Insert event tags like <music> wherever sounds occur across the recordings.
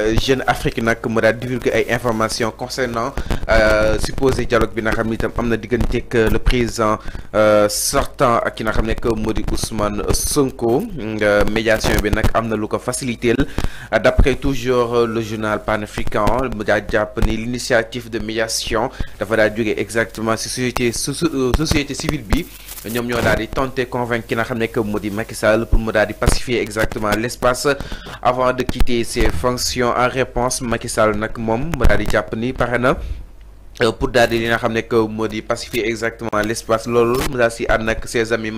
Euh, Jeune Afrique nak mu divulgué divulguer informations concernant euh, supposé dialogue bi a été ne itam euh, le président sortant ak n'a nga que Ousmane Sonko mm, médiation bi nak médiation. facilité d'après toujours le journal Pan-Africain, ni l'initiative de médiation a été exactement société société civile bi ñom ñoo daal di convaincre ki nga xamné que Modi Macky Sall pour mu daal pacifier exactement l'espace avant de quitter ses fonctions en réponse Macky Sall nak mom mu daal di ni Euh, pour daal di li nga xam ne que moo di pacifier exactement l' espace loolu mu daal si ànd ak ses amis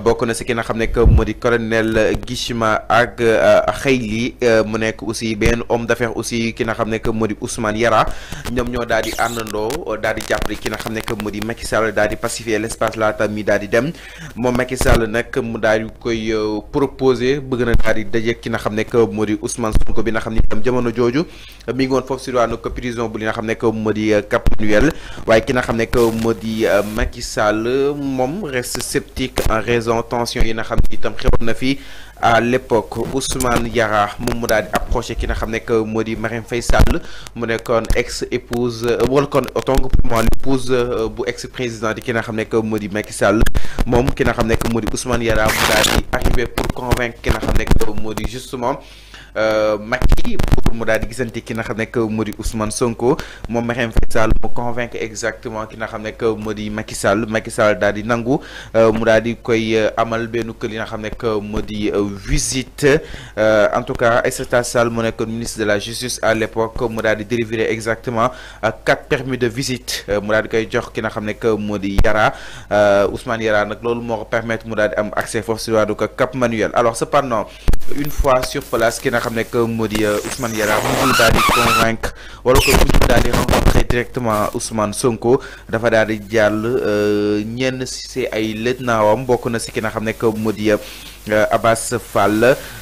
bokk na si ki na xam ne que moo di colonel Gishma ak euh, Khayli euh, mu nekk aussi benn homme d' affaires aussi ki nga xam ne que moo di Ousmane Yara ñoom ñoo daal di àndandoo daal di jàppale ki na xam ne que moo di Macky Sall daal di pacifier l' espace laata mi daal di dem moom Macky Sall nag mu daal di koy proposer bëgg na daal di daje ki na xam ne que moo di Ousmane bi na xam ni itam jamono jooju mi ngi woon foofu si waanu prison bu li nga xam ne que moo di. Cap Manuel waaye ki na xam ne que moo di euh, Macky Sall moom reste sceptique en raison tension yi na xam ne itam xewoon na fi. à l'époque Ousmane Yara moom approche approché ki n'a xam Modi Marine di Marème ex épouse euh, wala kon autant pour moi l'épouse euh, bu ex président di ki nga xam nekk moo di Macky Sall moom ki nga Ousmane Yara mu arrivé pour convaincre ki n'a xam nekk moo justement euh, Macky pour mu daal di gisante ki nga xam nekk Ousmane Sonko moom Marine Faye Pour convaincre exactement ki n'a xam nekk moo di Macky Sall Macky Sall daal nangu mu daal koy amal benn kër yi nga visite euh, en tout cas Aïssata Sall mu nekkoon ministre de la justice à l'époque Mourad daal délivrer exactement euh, quatre permis de visite euh, Mourad daal qui n'a jox ki que moo Yara Ousmane Yara nag loolu moo permettre forcément donc accès Cap Manuel alors cependant une fois sur place qui n'a jamais que Ousmane Yara mu daal convaincre très directement Ousmane Sonko dafa daal di jàll euh, ñenn si ay lëj naawam bokk na si ki nga xam ne que moo di euh, Abass Fall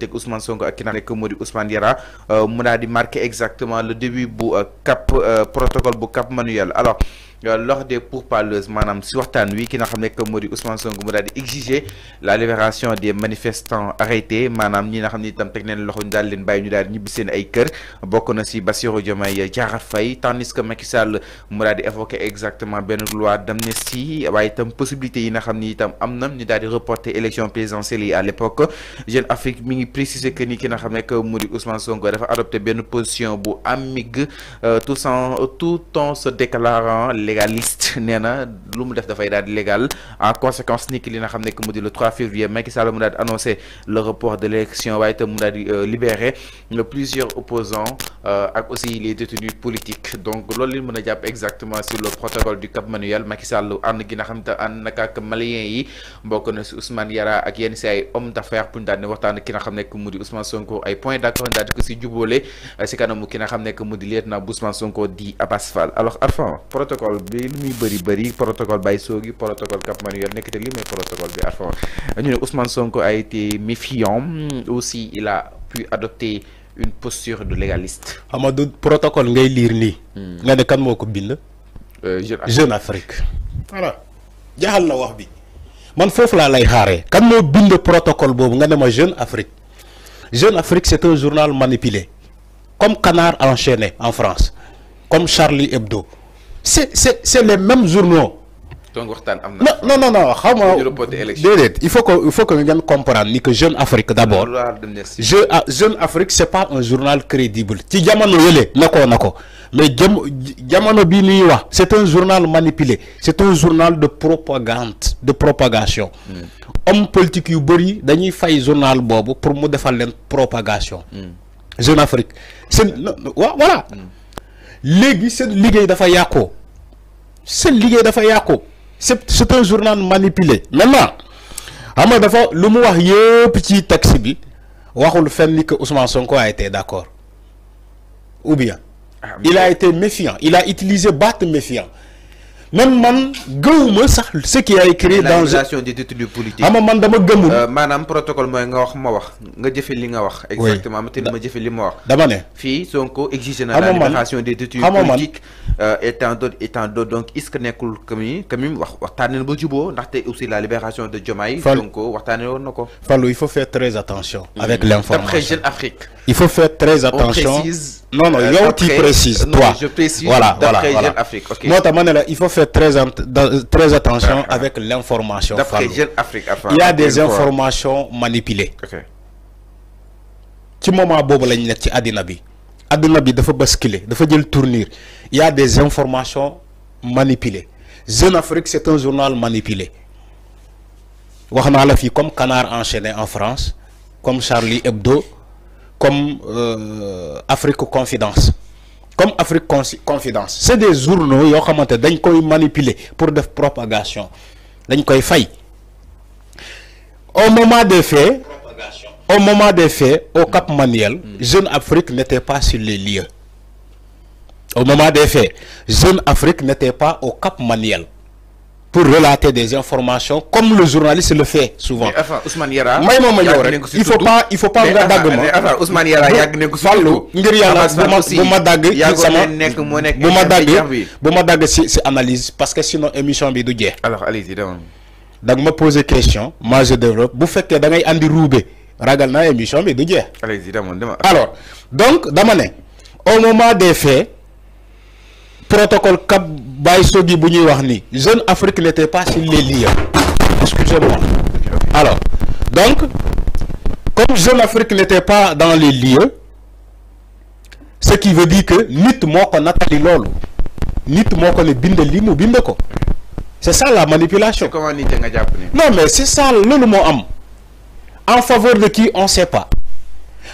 digganteeg Ousmane Sonko ak ki naan nekk moo di Ousmane Yara euh, mu daal di marqué exactement le début bu euh, cap euh, protocole bu cap manuel alors. Euh, lors des pourparlers Madame, si qui wi ki n'a xam que moo Ousmane Sonko mu exiger la libération des manifestants arrêtés manam ni n'a xam ne itam teg neen loxo ñu daal leen ñu dal di ñibbi seen ay kër bokk na ci Bassirou Diomaye Faye tandis que Macky Sall mu daal évoquer exactement ben loi d'amnistie être une possibilité yi n'a xam ni itam ñu daal di reporter élection présidentielle à l'époque Jeune Afrique mi ngi préciser que ni ki n'a xam ne que moo Ousmane Sonko dafa adopté ben position bu amig euh, tout en tout en se déclarant légaliste <laughs> nee na lu mu def dafay daal di légal en conséquence ni ki li nga xamné que mu le 3 février Macky Sall mu daal annoncé le report de l'élection waaye itam mu euh, libéré. Le libéré plusieurs opposants euh, ak aussi les détenus politiques donc loolu li mën japp exactement sur le protocole du Cap Manuel Macky Sall and gi nga xam te ànd naka ak maliens yi mbokk na ci Ousmane Yara ak yenn si ay hommes d'affaires pour dal ni di ki nga xamné que mu Ousmane Sonko ay point d'accord dal di ko ci jubóole euh, si ki nga xamné que mu lieutenant Ousmane Sonko di Abass Fall alors Arfan protocole bi lu muy bëri bëri protocole Baïssogui protocole Cap Manuel nekk te li mais protocole bi Arfan ñu ne Ousmane Sonko a été méfiant aussi il a pu adopter une posture de légaliste. Amadou protocole ngay lire ni hmm. nga ne kan moko bind. Euh, Jeune Afrique voilà jaaxal na wax bi man fofu la lay xaré kan mo bind protocole bobu nga ne ma Jeune Afrique Jeune Afrique c'est un journal manipulé comme Canard enchaîné en France comme Charlie Hebdo c'est les mêmes journaux. non non non il faut que il faut que ni que Jeune Afrique d'abord. je ah, Jeune Afrique c'est pas un journal crédible ci jamono yële nekkoon mais jamono c'est un journal manipulé c'est un journal de propagande de propagation. Hmm. homme politique yu bëri dañuy fay journal pour mu defal propagation. Hmm. Jeune Afrique voilà. Hmm léegi seen liggéey dafa C'est seen de dafa yàqoo c'est c'est un journal manipulé maintenant à moi dafa le mot wax yëpp ci texte bi waxul que Ousmane Sonko a été d'accord ou bien ah, il a été méfiant il a utilisé bat méfiant même man ce qui a écrit dans l'annulation des détenus politiques ama man dama euh, protocole moy nga wax ma wax nga exactement ma ma li ma wax Sonko la des politiques étant do étant do donc est-ce que nekkul que quand même wax waxtaanee ba juboo ndaxte aussi la libération de Diomaye. donc waxtane woon il faut faire très attention. avec mm. l'information d'après Jeune Afrique. il faut faire très attention non non yow euh, tu précises. toi je précise voilà voilà d'après Jeune Afrique ok. moo tax il faut faire très très attention avec l'information. d'après Jeune Afrique il y a des informations manipulées. ok ci moment bobu lañ nekk ci adina bi bi dafa basculer dafa le tourner. il y a des informations manipulées Jeune Afrique c'est un journal manipulé la comme Canard enchaîné en France comme Charlie Hebdo comme euh, Afrique Confidence comme Afrique Confidence c'est des journaux yo dañ koy manipuler pour def propagation dañ koy fay au moment des faits au moment des faits, au Cap Manuel, Jeune Afrique n'était pas sur les lieux. Au moment des faits, Jeune Afrique n'était pas au Cap Manuel pour relater des informations comme le journaliste le fait souvent. Ousmane Yara, il faut pas il faut pas regarder dag Ousmane Yara yag analyse parce que sinon émission bi du Alors allez-y donc. Donc me poser question, moi je développe. Bu fekké da ngay andi ragal émission bi du alors donc dama au moment des faits protocole Cap Baye Sogui Jeune Afrique n'était pas sur les lieux excusez-moi alors donc comme Jeune Afrique n'était pas dans les lieux ce qui veut dire que nit moko natali lolu loolu nit moo ko bind mu bind ko c'est ça la manipulation. non mais c'est ça lolu mo am en faveur de qui on sait pas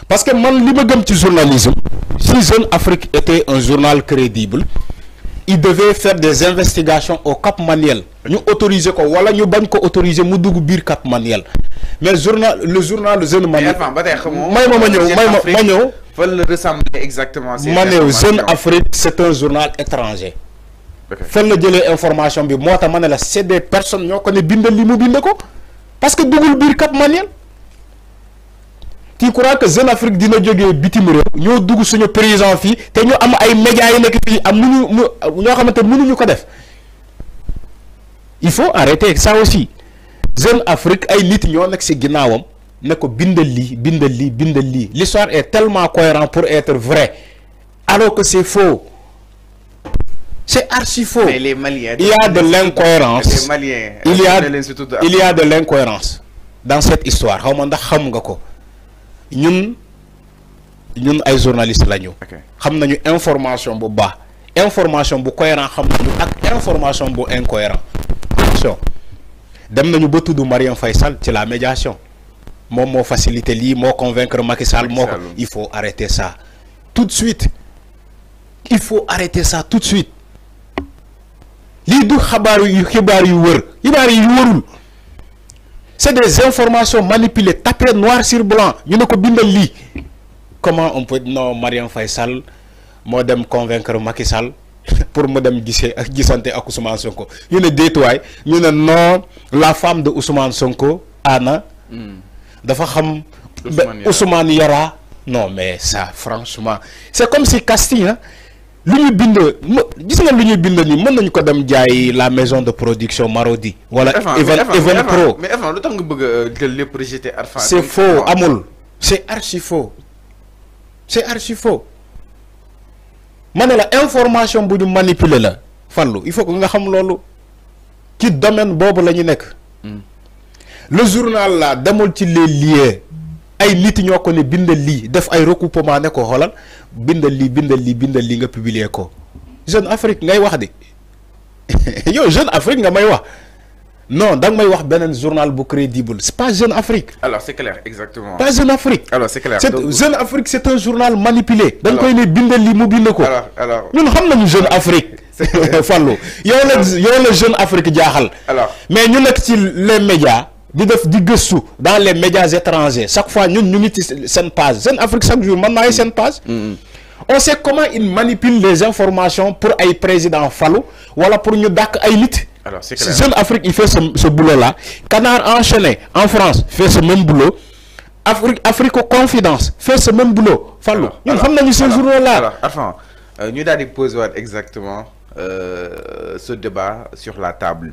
parce que man li ma gëm ci journalisme si Jeune Afrique était un journal crédible il devait faire des investigations au Cap Manuel nous autoriser ko wala ñu bañ ko autoriser mu dugg biir Cap Manuel mais journal le journal Jeune Manuel may ma ma ñëw may ma ma ñëw veulent ressembler exactement c'est Zone Afrique c'est un journal étranger Fallait le délai information bi moo tax la c'est des personnes ñoo ko ne bind li mu parce que duggul biir Cap Manuel tu crois que Jeune Afrique dina jógee bitim rew ñoo dugg suñu président fi té ñu am ay médias yi nekk fii am ñu mu ñoo xamante mënuñu ko def il faut arrêter ça aussi Jeune Afrique ay nit ñoo nekk ci ginaawam ne ko bindal li bindal li bindal li l'histoire est tellement cohérente pour être vrai alors que c'est faux c'est archi faux il y a de l'incohérence il y a il y a de l'incohérence dans cette histoire xaw ndax xam nga ko nous ñun ay journaliste Nous avons des informations information bu bas, information bu cohérent xam ak information bu incohérent attention dem nañu ba Mariam Faisal. la médiation Moi, moi, faciliter, li, convaincre Macky Sall il faut arrêter ça tout de suite il faut arrêter ça tout de suite Les du xabaar yu xibaar yu wër c'est des informations manipulées tapées noir sur blanc ñu ne bindal comment on peut non Marianne Faisal, Sall convaincre Macky Sall <laughs> pour que dem gisee ak Ousmane Sonko ñu ne déetuwaay non la femme de Ousmane Sonko Anna hmm. de xam Ousmane Yara non mais ça franchement c'est comme si Castille hein, lu ñu bind ma gis nga lu ñu bind nii mën nañu ko dem jaay la maison de production Marodi. wala Even Even Pro mais Evan lu tax nga bëgg a euh, jël lépp rejeté Arfan. amul c'est archi faux c'est archi faux ma ne la information bu ñu manipuler la Fallou il faut que nga xam loolu ci domaine boobu la ñu nekk. Hmm. le journal la demul ci les lieux. ay nit ñoo ko ne bindal lii def ay recoupement ne ko holal bindal lii bindal lii bindal lii nga publier ko Jeune Afrique ngay wax de <laughs> yo Jeune Afrique nga may wax non dang may wax benen journal bu crédible c'est pas Jeune Afrique. alors c'est clair exactement. pas Jeune Afrique. alors c'est clair Jeune Afrique c'est un journal manipulé. dang koy ne bindal lii mu bind ko. alors alors ñun xam nañu Jeune Afrique. fallu yo le yo la Jeune Afrique jaxal alors mais ñu nekk ci les médias di def di dans les médias étrangers chaque fois nous nous ngi ci page seen Afrique chaque jour man maa page. Mm-hmm. on sait comment ils manipulent les informations pour ay président ou wala pour ñu dàq ay alors c'est clair Jeune Afrique il fait ce boulot là Canard enchaîné en France fait ce même boulot. Afrique Afrique Confidence fait ce même boulot Fallou ñun xam nañu ces journaux là alors Arfan euh, ñu daal poser exactement euh, ce débat sur la table.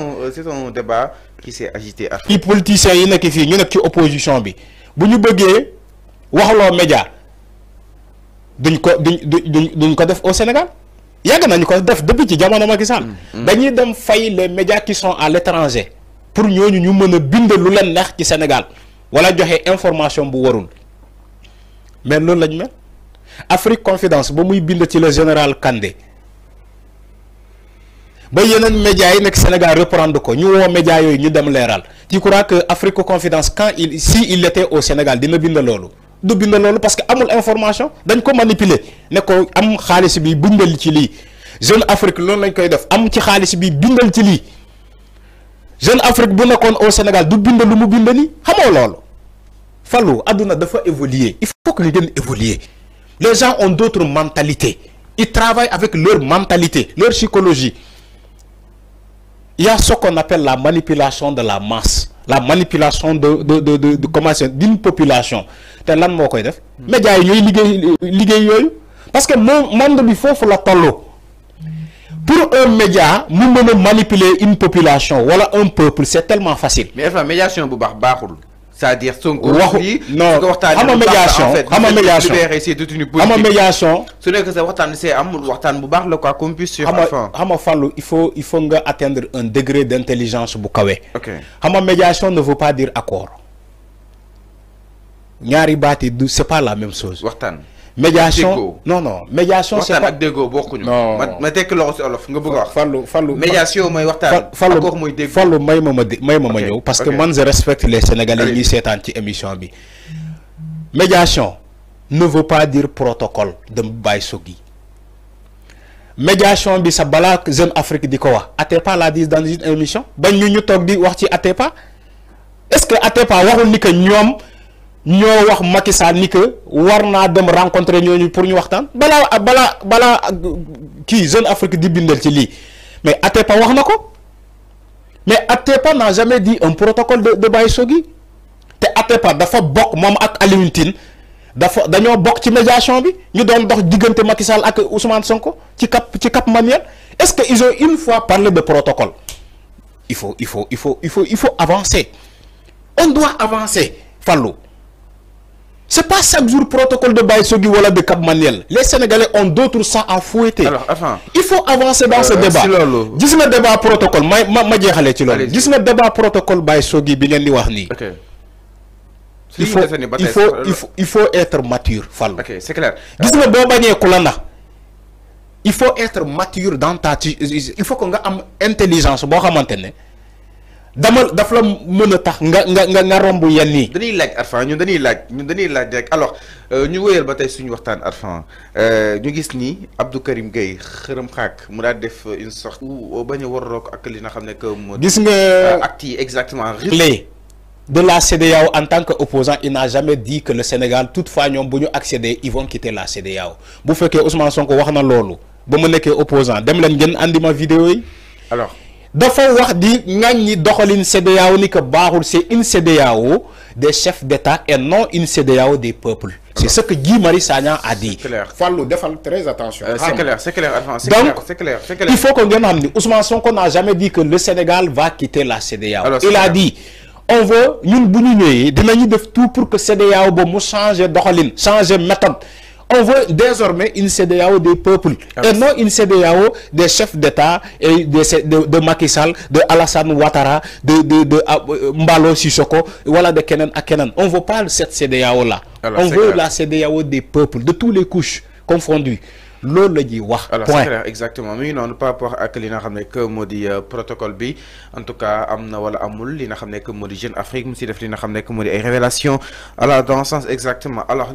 Euh, c'est un débat qui s'est agité à. les politiciens yi nekk fii nous sommes ci opposition bi bu ñu bëggee waxloo média duñ ko duñ duñ duñ ko def au Sénégal yàgg nañu ko def depuis ci jamono Macky Sall. Mm, mm. dañuy dem fay les médias qui sont à l'étranger pour ñooñu ñu mën a bind lu leen neex ci Sénégal wala joxe information bu warul mais loolu lañ mel Afrique Confidence ba muy bind ci le général Kandé ba yeneen médias yi nekk Sénégal reprendre ko ñu woo médias yooyu ñu dem leeral tu crois que Afrique Confidence quand il si il était au Sénégal dina bind loolu du bind loolu parce que amul information dañ ko manipuler ne ko am xaalis bi bindal ci lii Jeune Afrique non lañ koy def am ci xaalis bi bindal ci lii Jeune Afrique bu quand au Sénégal du bind lu mu bind nii xamoo loolu Fallou àdduna dafa évoluer il faut que ñu gën évoluer les gens ont d'autres mentalités ils travaillent avec leur mentalité leur psychologie il y a ce qu'on appelle la manipulation de la masse la manipulation de de de de d'une population te lan moo koy def. médias yi ligue liggéey parce que moom monde bi foofu la tolloo pour un média nous manipuler une population wala un peuple c'est tellement facile. mais médiation bu baax baaxul c'est-à-dire Sonko lii non xam nga médiation c'est nga médiation xam nga médiation su que sa waxtaan c'est amul waxtaan bu baax le quoi comme puis sur enfin nga xam nga il faut il faut nga atteindre un degré d'intelligence bu kawé xam nga médiation ne veut pas dire accord ñaari baat du c'est pas la même chose waxtaan médiation non non médiation c'est pas déggoo bokkuñu ma tekk loxo si olof nga bëgg a wax fallu fallu médiation mais waxtaan fallu mooy dégg fallu may ma may ma ñëw parce que moi je respecte les sénégalais ñuy cette ci émission bi médiation ne veut pas dire protocole de Baye sogui médiation bi sa balak Jeune Afrique di ko até pas l'a dise dans une émission ba ñu ñu tok di wax ci pas. est-ce que Atepa waxul ni que ñom ñoo wax Macky Sall ni que war dem rencontrer ñooñu pour ñu waxtaan bala bala bala ki Jeune Afrique di bindal ci li mais Atepa wax nako mais até Atepa n'a jamais dit un protocole de de té até pas, dafa bokk mom ak Alioune dafa dañoo bokk ci médiation bi ñu doon dox digënté Macky Sall ak Ousmane Sonko ci Cap ci Cap Manuel est-ce que ils ont une fois parlé de protocole il faut il faut il faut il faut il faut avancer on doit avancer Fallou. C'est pas chaque jour protocole de Baïsogui ou de Cap Manuel. Les Sénégalais ont d'autres sangs à fouetter. Alors, Il faut avancer dans ce euh, débat. Dis le débat protocole. Ma, ma, ma Dis le débat protocole Baïsogui, qui Il faut, il, faut, euh, il, faut, il faut être mature, Fallou. Ok, c'est clair. Dis le débat protocole. Il faut être mature dans ta. Il faut qu'on ait intelligence. Bon, maintenant damal dafla tax nga nga nga Arfan alors euh, ñu ba suñu waxtaan Arfan euh, ñu Abdou Karim gay xërem xaak mu def une sorte euh, bañ a ak li exactement. de la CDAO en tant qu'opposant opposant il n'a jamais dit que le Sénégal toutefois nous bu ñu accéder ils vont quitter la CDAO bu Ousmane Sonko wax na dans mu opposant dem leen ma vidéo alors dafa wax di c'est une CDAO des chefs d'État et non une CDAO des peuples. c'est ce que Guy marie Sagnan a dit. Euh, c'est clair Fallou très attention. c'est clair c'est clair il faut qu'on n'a jamais dit que le Sénégal va quitter la cdao il a dit on veut ñun nous, de tout pour que la change change, on veut désormais une CDAO des peuples ah et non une CDAO des chefs d'État et de, de, Macky Sall, de Alassane Ouattara, de, de, ah, euh, Mbalo Sissoko, voilà de Kenan à Kenan. On ne veut pas cette CDAO là. on veut la CDAO des peuples, de toutes les couches confondues. le exactement Mais euh, protocole en tout cas dans sens exactement alors